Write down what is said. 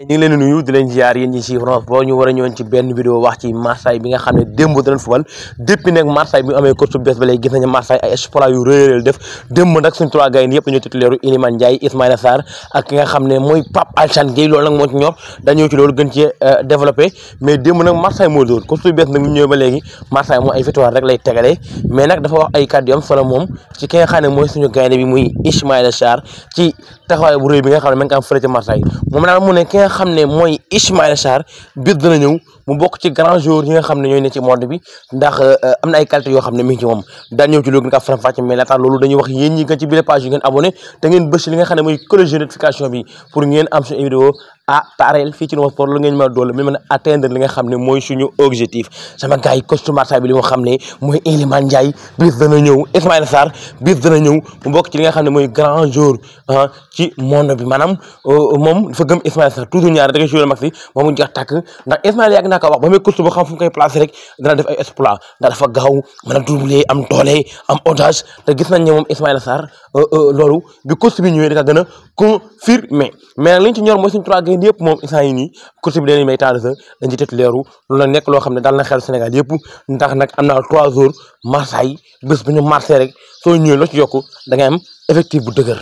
ñu ngi leen di nuyu a ñëwoon ci benn vidéo wax ci Marseille bi nga xam ne démb danañ fubal depuis nag Marseille bi mu ak nga xam ne mooy Pape Alsane Gueye loolu nag moo ci ñor dañoo ci loolu gën ci euh, développé mais démb nag Marseille mooy suñu gaynde bi muy Ismaïla Sarr ci taxawaay bu rëy bi nga xam ne ma ngi am fële ci nga xam ne mooy Ismaïla Sarr biir dana ñëw mu bokk ci grand joueur yi xam ne ñooy ne ci monde bi ndax euh, am na ay qualité yoo xam ne mi moom daan ñëw ci loolu nga faram fàcce mais laata loolu dañuy wax yéen ñi nga ci biir page yi ngeen abonné te ngeen bës nga xam ne mooy cloche notification bi pour ngeen am suñu vidéo ah taareel fii ci Nouveau Sport lu ngeen mën a li nga xam ne mooy suñu objectif sama gars yi coach xam ne mooy Iliman Ndiaye bis dana ñëw Ismaïla Sarr bis dana ñëw mu bokk ci nga xam ne mooy grand jour ah ci monde bi maanaam euh, moom dafa gëm Ismaïla Sarr toujours ñaar da ngay joué maxi moom mu jeex tàkk ndax Ismaïla yàgg naa ko wax ba muy coach xam fu mu koy rek dana def exploit ndax dafa gaaw mën a doole am otage te gis nañ ne moom Ismaïla Sarr euh, euh, loolu bi coach bi ñëwee dafa gën a confirmé mais nag li ci ñor mooy suñu trois indi yëpp moom instant yi nii côté bi dañuy may temps de jeu dañ ci titulaire lu la nekk loo xam ne dal na xel Sénégal yëpp ndax nag am naa trois jours Marseille bés bu ñu marché rek soo ñëwee loo ci yokk da ngay am effectif bu dëgër